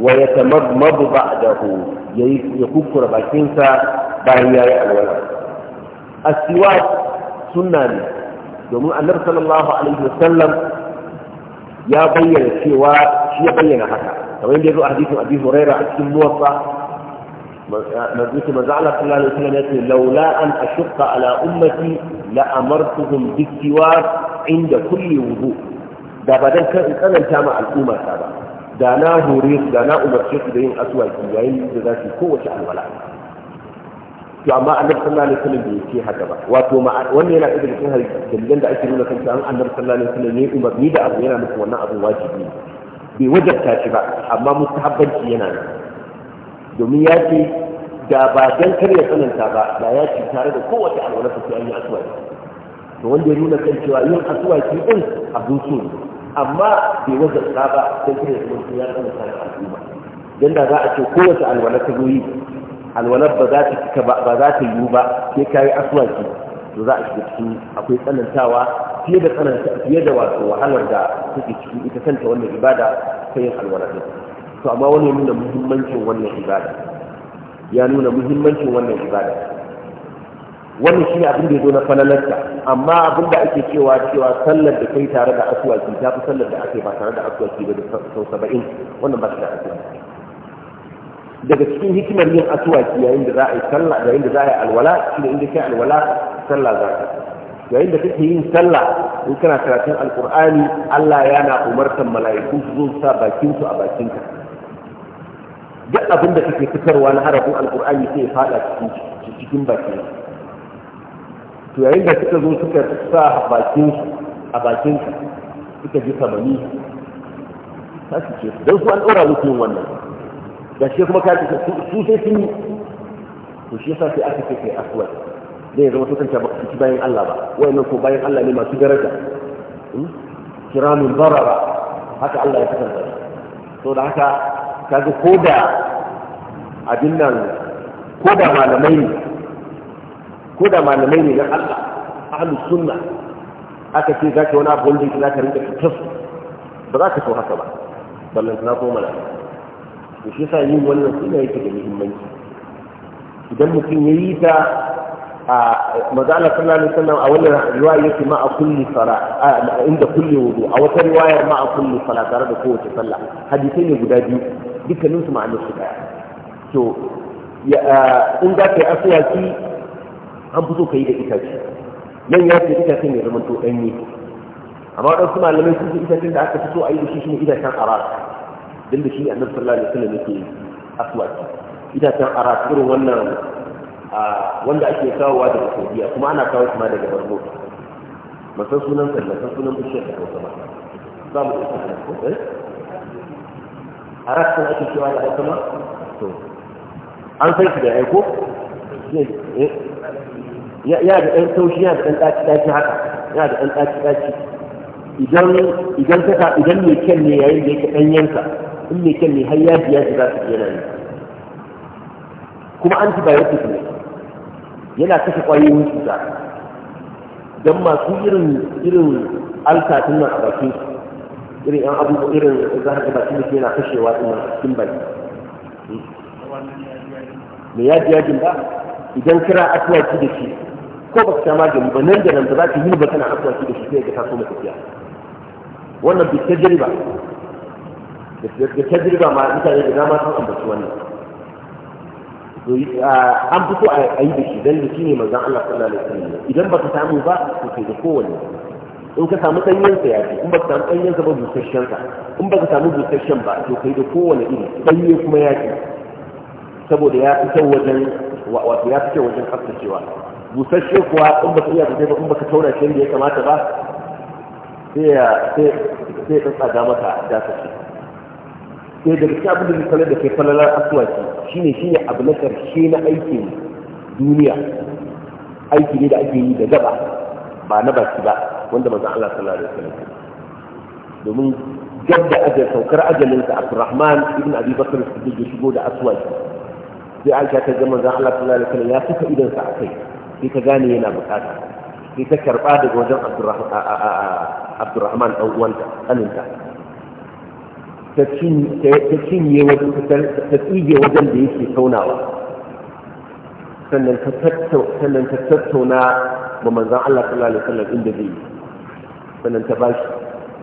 [SPEAKER 1] wa ya tamarmabu ba da ku ya kukkura bakinsa bayan ya yi alwala asiwak sunna ne domin annabi sallallahu alaihi wasallam ya bayyana cewa shi ya bayyana haka kamar yadda ya zo a hadisin abi huraira a cikin muwaffa مجلس مزعلة صلى الله عليه وسلم يقول لولا أن أشق على أمتي لأمرتهم بالسواك عند كل وضوء da ba dan kan tsananta ma al'umma ta ba da na hore su da na umarce su da yin aswaki yayin da za su kowace alwala to amma annabi sallallahu alaihi wasallam bai ce haka ba wato wannan yana daga cikin dalilan da ake nuna kan cewa annabi sallallahu alaihi wasallam ne umarni da abu yana nufin wannan abu wajibi bai wajabta shi ba amma mustahabbanci yana nan domin ya ce da ba dan kar ya tsananta ba da ya ce tare da kowace alwala sai an yi aswaki to wanda ya nuna kan cewa yin aswaki din abin so ne amma bai wajen saba sai kuma da zama ya zama sa al'umma dan da za a ce kowace alwala ta goyi alwalar ba za ta cika ba ba za ta yiwu ba sai ka yi aswaki to za a shiga cikin akwai tsanantawa fiye da tsananta fiye da wato wahalar da take cikin ita kanta wannan ibada ta yin alwala din to amma wani nuna muhimmancin wannan ibada ya nuna muhimmancin wannan ibada wannan shi ne abin da ya zo na falalarta amma abin da ake cewa cewa sallar da kai tare da asuwaki ta fi sallar da ake ba tare da asuwaki ba da sau saba'in wannan ba shi da asuwaki daga cikin hikimar yin asuwaki yayin da za a yi sallah yayin da za a yi alwala shine inda kai alwala sallah za ka yayin da kake yin sallah in kana karatun alkur'ani Allah yana umartar mala'iku su zo sa bakin su a bakinka duk abin da kake fitarwa na harafin alkur'ani sai ya fada cikin cikin bakinka to yayin da suka zo suka sa bakin a bakin suka ji kamani ta su ce don su an ɗora musu wannan da shi kuma ka su sai sun yi to shi yasa sai aka ce kai aswad zai zama tutanta ba su bayan Allah ba nan ko bayan Allah ne masu daraja hmm? kiramin barara haka Allah ya tutanta to da haka kaga ko da abin nan ko da malamai ne ko da malamai ne na Allah ahlus sunna aka ce zaka wani abu wanda yake zaka rinka fitar ba za ka so haka ba ballan na ko malaka to shi yasa yin wannan sunna yake da muhimmanci idan mutum ya yi ta a mazala sallallahu alaihi wasallam a wannan riwaya yake ma a kulli sala inda kulli wudu a wata riwayar ma a kulli sala tare da kowace sallah hadisai ne guda biyu dukkanin su ma'anar su daya to in za ka yi asuwaki an fi so ka yi da itace nan ya ce itacen ya zama to ɗanye amma su malamai sun fi itacen da aka fi so a yi da shi shi ne itacen arak don da shi annabi sallallahu da wasallam yake aswaki itacen arak irin wannan wanda ake kawowa daga saudiya kuma ana kawo kuma daga barno masan sunan sa masan sunan bishiyar da kawo sama za mu ɗauka da ko eh arak sun ake cewa da hausa ma to an san shi da aiko Ya da ɗan taushi ya da ɗan ɗaci ɗaci haka ya da ɗan ɗaci ɗaci idan idan ta idan mai kyan ne yayin da yake yanka, in mai kyan ne har ya biya shi za su yana nan kuma an antibiotic ne yana kashe ƙwayoyin cuta don masu irin irin alkatun nan a bakin irin yan abubuwa irin za ka bakin da yana kashewa tun nan a cikin baki hmm. mai yaji yajin ba idan kira tuwaki da shi ko ba ka sha magani ba nan da nan da za ka yi ba kana aswaki da shi sai ka taso maka tafiya wannan bi tajriba da tajriba ma mutane da dama sun ambaci wannan an fi so a yi da shi don da shi ne manzan Allah sallallahu alaihi wasallam idan ba ka samu ba to kai da kowanne in ka samu ɗanyensa ya fi in ba ka samu ɗanyensa ba busasshensa in ba ka samu busasshen ba to kai da kowane iri ɗanye kuma ya fi saboda ya fi kyau wajen wato ya fi kyau wajen tsaftacewa busasshe kuwa in baka iya sosai ba in baka taura shi da ya kamata ba sai ya tsatsaga maka dakashi sai daga cikin abin da zai sanar da kai falalar asuwaki shine shi ne abu na karshe na aikin duniya aiki ne da ake yi da gaba ba na baki ba wanda manzon Allah sallallahu alaihi wasallam domin gab da ajal saukar ajalinsa Abdurrahman ibn Abi Bakr Siddiq ya shigo da aswaki sai Aisha ta ga manzon Allah sallallahu alaihi wasallam ya saka idan sa akai sai ka gane yana bukata sai ka karba daga wajen abdurrahman ɗan uwanta tsaninta ta cinye wajen ta tsige wajen da yake saunawa sannan ta tattauna ma manzan Allah sallallahu alaihi wasallam inda zai yi. sannan ta bashi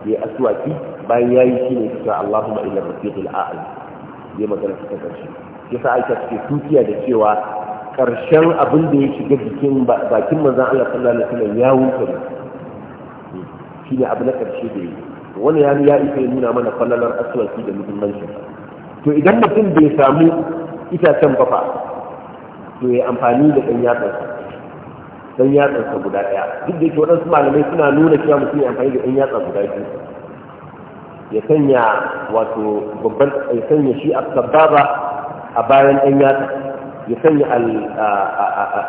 [SPEAKER 1] ya yi asuwaki. bayan ya yi shi ne ta Allahumma ila rafiqil a'la ya magana ta karshe yasa aika take tukiya da cewa ƙarshen abin da ya shiga jikin bakin manzan Allah sallallahu alaihi wasallam ya wuce shi ne abu na ƙarshe da yi wani ya ya isa ya nuna mana fallalar aswaki da muhimmanci to idan mutum bai samu itacen bafa to ya amfani da ɗan yatsansa ɗan yatsansa guda ɗaya duk da ke waɗansu malamai suna nuna cewa mutum ya amfani da ɗan yatsa guda biyu ya sanya wato babban ya sanya shi a sababa a bayan ɗan yatsa ya sanya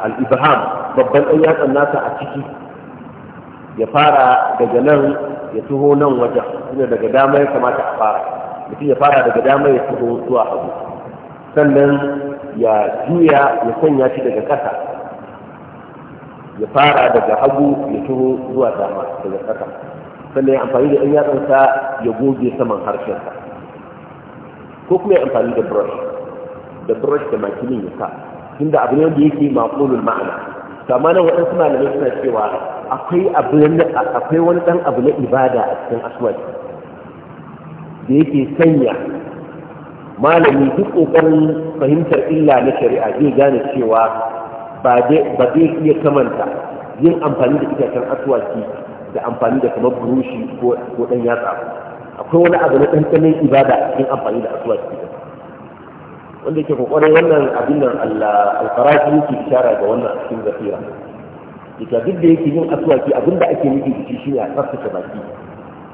[SPEAKER 1] al-ibham babban ɗan yatsan nasa a ciki ya fara daga nan ya tuho nan wajen kuma daga dama ya kamata a fara mutum ya fara daga dama ya tuho zuwa hagu sannan ya juya ya sanya shi daga ƙasa ya fara daga hagu ya tuho zuwa dama daga ƙasa sannan ya amfani da ɗan yatsansa ya goge saman harshensa ko kuma ya amfani da brush da furash da makinin ya sa inda abin da yake maqulul ma'ana kama nan waɗansu malamai suna cewa akwai akwai wani ɗan abu na ibada a cikin aswad da yake sanya malami duk ƙoƙarin fahimtar illa na shari'a zai gane cewa ba zai iya kamanta yin amfani da itacen aswaki da amfani da kamar burushi ko ɗan yatsa akwai wani abu na ɗanɗanon ibada a cikin amfani da aswaki wanda ke kokarin wannan abin nan alfarashi yake ishara ga wannan cikin zafira ita duk da yake yin asuwaki, abin da ake nufi da shi ne a tsaftace baki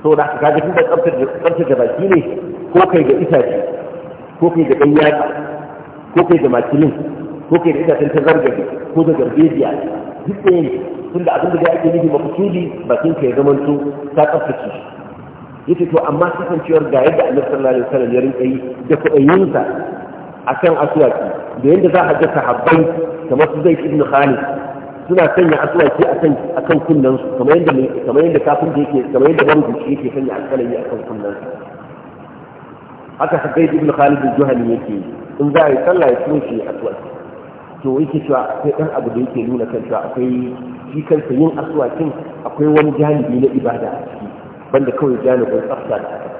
[SPEAKER 1] to da ka ga tunda tsaftace baki ne ko kai ga itace ko kai ga ɗan ko kai ga makilin ko kai da itacen ta zargaje ko da garbejiya duk da tun da abin da ake nufi makusudi bakin ka ya zamanto ta tsaftace shi yace to amma kasancewar ga yadda annabi sallallahu alaihi wasallam ya rinka yi da kuɗayinsa akan asuwaki da yadda za a ga sahabbai kamar su zai ibn khalid suna sanya asuwaki akan akan kunnan su kamar yadda kamar yadda kafin da yake kamar yadda marubuci yake sanya alƙalami akan kunnan su haka sabai ibn khalid al-juhani yake in za a yi sallah ya toshe asuwaki to yake cewa akwai dan abu da yake nuna kan cewa akwai shi kansa yin asuwakin akwai wani janibi na ibada a ciki banda kawai janibin tsafta da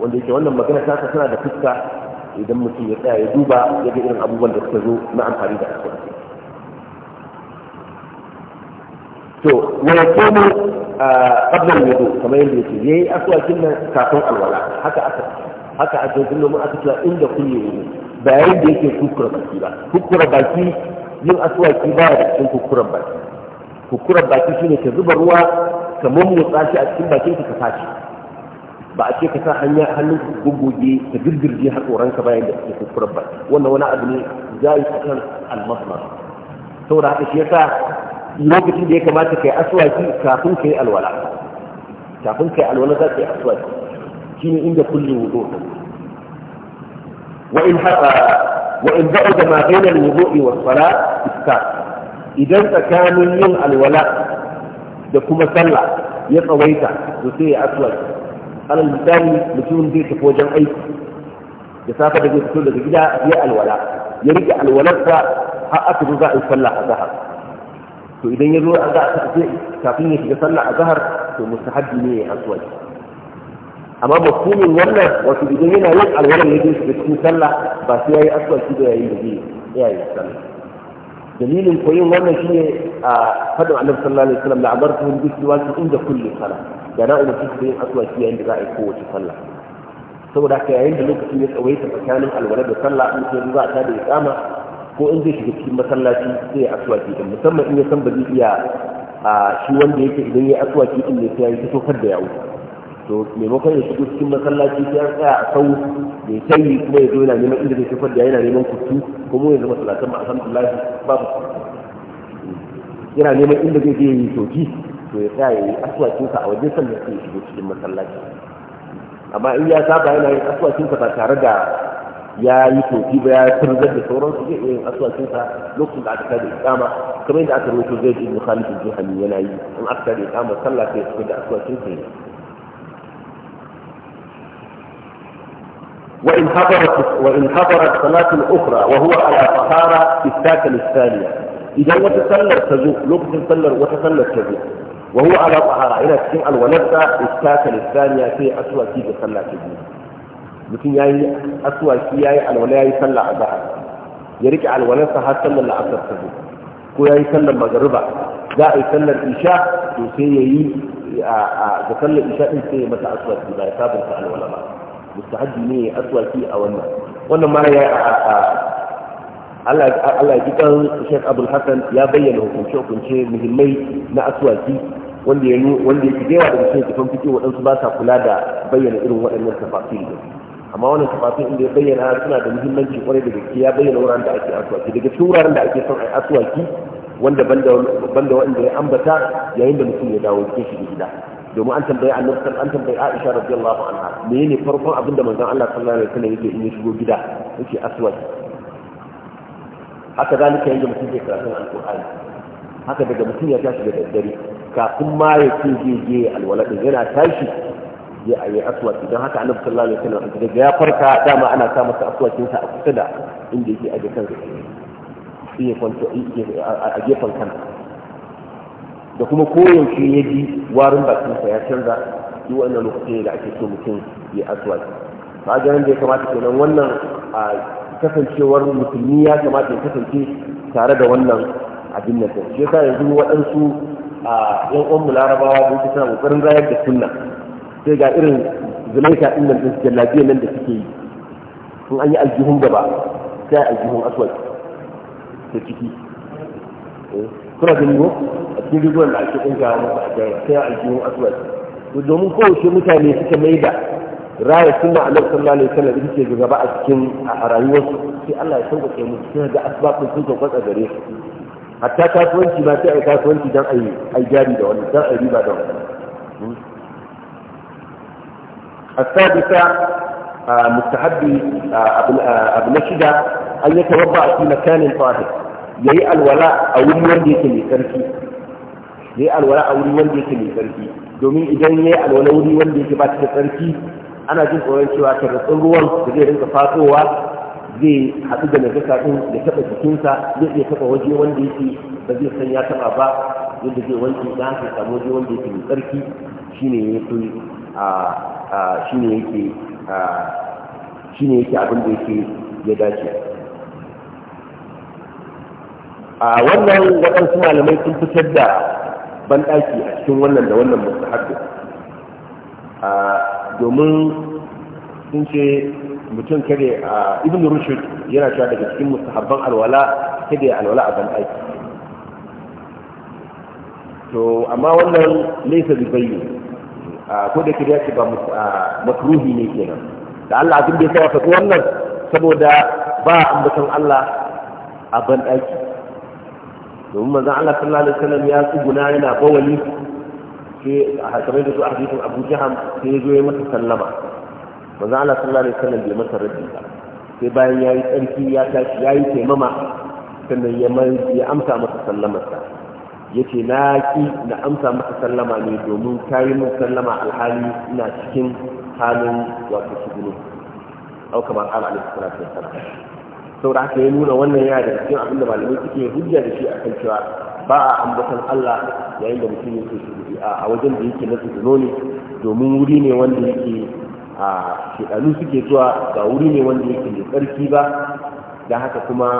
[SPEAKER 1] wanda yake wannan magana ta tana da fuska idan mutum ya tsaya ya duba ya ga irin abubuwan da suka zo na amfani da asibiti to wa yakumu qabla al-wudu kamar yadda yake yayi aswakin nan kafin alwala haka aka haka a cikin lumu aka cewa inda kulli wudu ba yayin da yake kukura baki ba kukura baki yin aswaki baya da cikin kukuran baki kukuran baki shine ka zuba ruwa ka mummutsa shi a cikin bakin ka ka tashi ba a ce ka sa hanya hannun gugguge ta girgirje haƙoranka bayan da suke kuskuren ba wannan wani abu ne za yi akan almasma saboda haka shi yasa lokacin da ya kamata ka yi aswaki kafin ka yi alwala kafin ka yi alwala za ka yi aswaki ne inda kullum wudu wa in wa in ba'u da bayna al ne wa fara iska. idan tsakanin yin alwala da kuma sallah ya tsawaita to sai ya aswaki قال المثال مكيون بيك في وجه أيك يسافة بيك تقول لك إذا يا الولاء يريك الولاء فأك رضاء يصلى الظهر فإذا يرون أداء تقيني في في يصلى الظهر فمستحب لي أسوأ أما مفهوم الولاء وفي إذا هنا يقع الولاء يجيس بيكون صلى بس يا أسوأ كده يا يجي يا يصلى دليل القيوم وانا شيء آه، فدو عن النبي صلى الله عليه وسلم لعبرتهم بيكي واسي عند كل صلاه Yana ina cikin su yin aswaki yayin da za a yi kowace sallah saboda haka yayin da lokacin ya tsawaita tsakanin alwala da sallah in sai za a ta da kama ko in zai shiga cikin masallaci sai asuwa aswaki din musamman in ya san ba zai iya a shi wanda yake idan ya aswaki din ne sai ya yi tofar da yawo to maimakon ya shigo cikin masallaci sai an tsaya a sau ya tayi kuma ya zo yana neman inda zai tofar da yana neman kutu kuma ya zama salatan ma alhamdulillah babu yana neman inda zai je yi soki to ya tsaya ya yi aswacinsa a wajen sallar sai ya shigo cikin masallaci amma in ya saba yana yin aswacinsa ba tare da ya yi tofi ba ya turzar da sauransu zai iya yin aswacinsa lokacin da aka tada ikama kamar yadda aka rubuta zai ibn Khalid al-Juhani yana yi in aka tada ikama sallah sai ya fito da aswacinsa ne وإن حضرت وإن حضرت صلاة أخرى وهو على طهارة في الساكن الثانية إذا وتسلل تزوق لو تسلل وتسلل تزوق wa huwa ala tahara yana cikin alwalarsa istaka lisaniya sai aswaki da sallah ta biyu mutum yayi aswaki yayi alwala yayi sallah a zahar ya rike alwalarsa har sallar la'asar ta ko yayi sallar magariba za a yi sallar isha to sai yayi da sallar isha din sai ya mata aswaki ba ya sabunta ne aswaki a wannan wannan ya Allah ya kikan Sheikh Abdul Hassan ya bayyana hukunce-hukunce muhimmai na asuwaki wanda ya wanda ya kidewa daga cikin kifin fiki waɗansu ba sa kula da bayyana irin waɗannan tafafin da amma wannan tafafin inda ya bayyana suna da muhimmanci kwarai da gaske ya bayyana wuraren da ake asuwaki daga cikin wuraren da ake son a asuwaki wanda banda wanda ya ambata yayin da mutum ya dawo cikin shi gida domin an tambayi annabi an tambayi Aisha radiyallahu anha menene farkon abin da manzon Allah sallallahu alaihi wasallam yake in ya shigo gida yake aswaki haka zalika yanzu mutum zai karatun alkur'ani haka daga mutum ya tashi da daddare kafin ma ya ce zai je alwala din yana tashi ya a yi aswaki don haka annabi sallallahu alaihi wasallam daga ya farka dama ana sa masa aswakin sa a kusa da inda yake aje zai shi ya kwanto a gefen kan da kuma koyaushe ya ji warin bakin sa ya canza duk wannan lokacin da ake so mutum ya aswaki ba ga da ya kamata kenan wannan kasancewar musulmi ya kamata ya kasance tare da wannan abin da ta. shi yasa yanzu waɗansu a yan uwanmu larabawa da suna kokarin rayar da sunna sai ga irin zulaika din nan din suke lafiyar nan da suke yi sun an yi aljihun gaba sai aljihun aswad da ciki eh, kuna gani ko a cikin rigunan da ake ɗin gawa masu a sai aljihun aswad domin kowace mutane suka maida raya sunna annabi sallallahu alaihi wasallam ita gaba a cikin a rayuwarsu sai Allah ya sauƙaƙe musu ga asbabun sun kwatsa gare su hatta kasuwanci ma sai a kasuwanci don a yi jari da wani don a yi riba da wani السادسة مستحب أبن شدة أن يتوضأ في مكان طاهر يي الولاء أو الوندي كمي تركي يي الولاء أو الوندي كمي تركي domin idan ya yi alwalauri wanda yake ba da tsarki ana jin tsoron cewa rutsun ruwan da zai rinka fatowa zai haɗu da najasa ɗin da taɓa jikinsa zai iya taɓa waje wanda yake ba zai san ya taɓa ba yadda zai wanke da haka samu waje wanda yake mai tsarki shi ne a shine yake yake abin da yake ya dace a wannan waɗansu malamai sun fitar da banɗaki a cikin wannan da wannan haɗu. domin sun ce mutum kare a ibn rushd yana cewa daga cikin mustahabban alwala kada ya alwala a banɗaki to amma wannan laisa bi a ko da kiriya ce ba makruhi ne kenan da Allah abin da ya sa faɗi wannan saboda ba ambaton Allah a banɗaki domin manzon Allah sallallahu alaihi wasallam ya tsuguna yana bawali sai a kamar da su a hadisin abu jiham sai ya zo ya masa sallama manzo Allah sallallahu alaihi wasallam bai masa rabbi ba sai bayan ya yi tsarki ya tashi ya yi taimama sannan ya amsa masa sallamar ya yace na ki na amsa masa sallama ne domin ta yi min sallama alhali ina cikin halin wato shugulu au kamar ala alaihi salatu wassalam saboda haka ya nuna wannan yana da cikin abin da malamai suke hujja da shi akan cewa ba a ambatan Allah yayin da mutum yake a wajen da yake na tsuguno ne domin wuri ne wanda yake a shekaru suke zuwa ga wuri ne wanda yake mai tsarki ba da haka kuma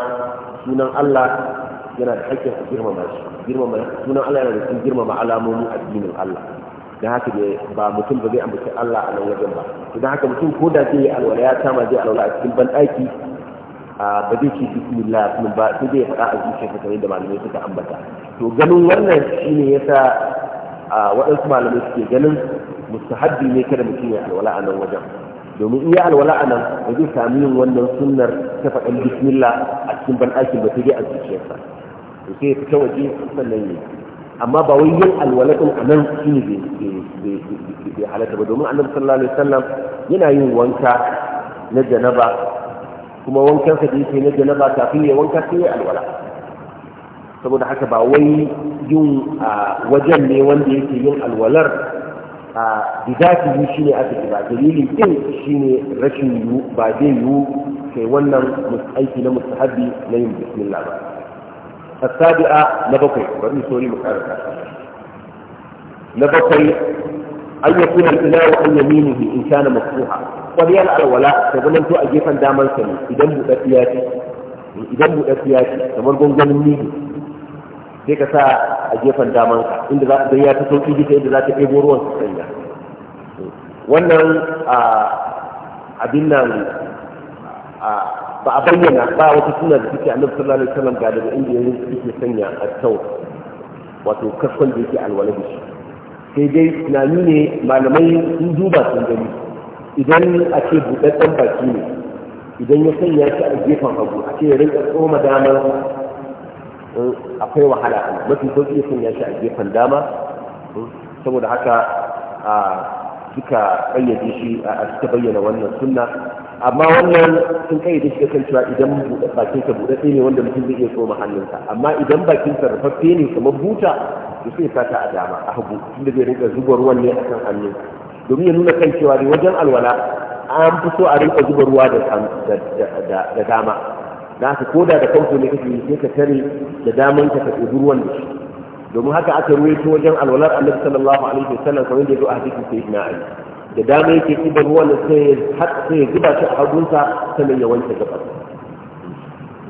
[SPEAKER 1] sunan Allah yana da hakkin a girmama shi girmama sunan Allah yana da sun girmama alamomin addinin Allah da haka ba mutum ba zai ambaci Allah a nan wajen ba da haka mutum ko da zai yi alwala ya kama zai alwala a cikin banɗaki ba zai ce bismillah ba sai zai faɗa a ta kamar yadda malamai suka ambata to ganin wannan shine yasa a waɗansu malamai suke ganin mustahabbi ne kada mutum ya alwala a nan wajen domin iya alwala a nan ba zai sami yin wannan sunnar ta faɗin bismillah a cikin balakin ba sai dai a zuciyarsa to sai ya fita waje sannan ya amma ba wai yin alwala ɗin a nan ne bai halatta ba domin annabi sallallahu alaihi wasallam yana yin wanka na janaba kuma wankansa da yake na janaba kafin ya wanka sai ya alwala saboda haka ba wai yin wajen ne wanda yake yin alwalar a didati bidatihi shine aka ce ba dalili din ne rashin yiwu ba zai yiwu kai wannan aiki na mustahabi na yin bismillah ba asabi'a na na bakwai bakwai bari mu mu karanta السابعة نبقي an سوري مكاركة نبقي أن يكون الإناء عن يمينه إن كان مفتوحا وليال الولاء تظنن تو أجيفا داما سني إذا مؤتياتي إذا مؤتياتي kamar قنقل مني sai ka sa a gefen daman inda za don ya ta sauki bisa yadda za ta ɗebo ruwan su sanya wannan abin nan ba a bayyana ba wata suna da suke annabi sallallahu alaihi wasallam ga daga inda yanzu suke sanya a tau wato kaskon da yake alwala da shi sai dai tunani ne malamai sun duba sun gani idan a ce buɗaɗɗen baki ne idan ya sanya shi a gefen hagu a ce ya rinka tsoma damar akwai wahala mafi sauki ya sanya shi a gefen dama saboda haka a suka ƙayyade shi a suka bayyana wannan sunna amma wannan sun ƙayyade shi kan cewa idan bakin ka buɗaɗɗe ne wanda mutum zai iya tsoma hannunsa amma idan bakin ka rufaffe ne kamar buta to sai sata a dama a hagu tunda zai rinka zuba ruwan ne a kan hannun domin ya nuna kan cewa ne wajen alwala an fi so a rinka zuba ruwa da dama da haka koda da famfo ne kake sai ka tare da daman ka ka ɗebi ruwan da shi domin haka aka ruwaito wajen alwalar annabi sallallahu alaihi wasallam kamar da ya zo a hadisin sayyidina ali da dama yake ɗiban ruwan da sai ya zuba shi a hagunsa sannan ya wanke gabas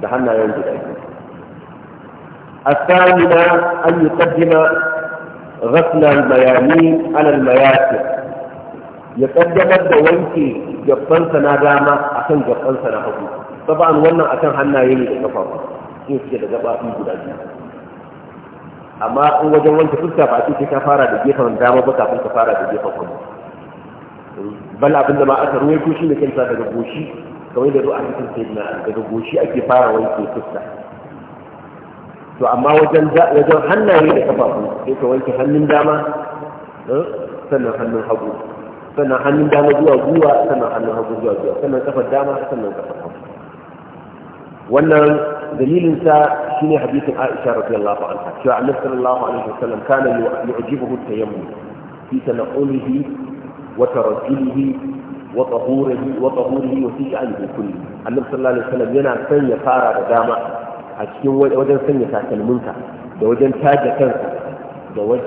[SPEAKER 1] da hannayen guda الثامنة أن يقدم غسل الميامين على المياسر يقدم الدوانتي جبان سنة داما أكن جبان سنة حبوب tsaba'an wannan a kan hannaye ne da kafafu sun suke da gaba in guda biyu amma in wajen wanke fuska ba ce ta fara da gefen dama ba kafin ta fara da gefen kuma bal abin da ma aka ruwaito shi ne kanta daga goshi kawai da zo a cikin sayyidina daga goshi ake fara wanke fuska to amma wajen wajen hannaye da kafafu sai ka wanke hannun dama eh, sannan hannun hagu sannan hannun dama zuwa gwiwa sannan hannun hagu zuwa gwiwa sannan kafar dama sannan kafar hagu wannan dalilin sa shine hadisin Aisha radiyallahu anha cewa Annabi sallallahu alaihi wasallam kana yu'jibuhu tayammum fi tanqulihi wa tarajjulihi wa tahurihi wa tahurihi wa fi kulli sallallahu alaihi wasallam yana sanya fara da dama a cikin wajen sanya takalminka da wajen taje
[SPEAKER 2] kansa da wajen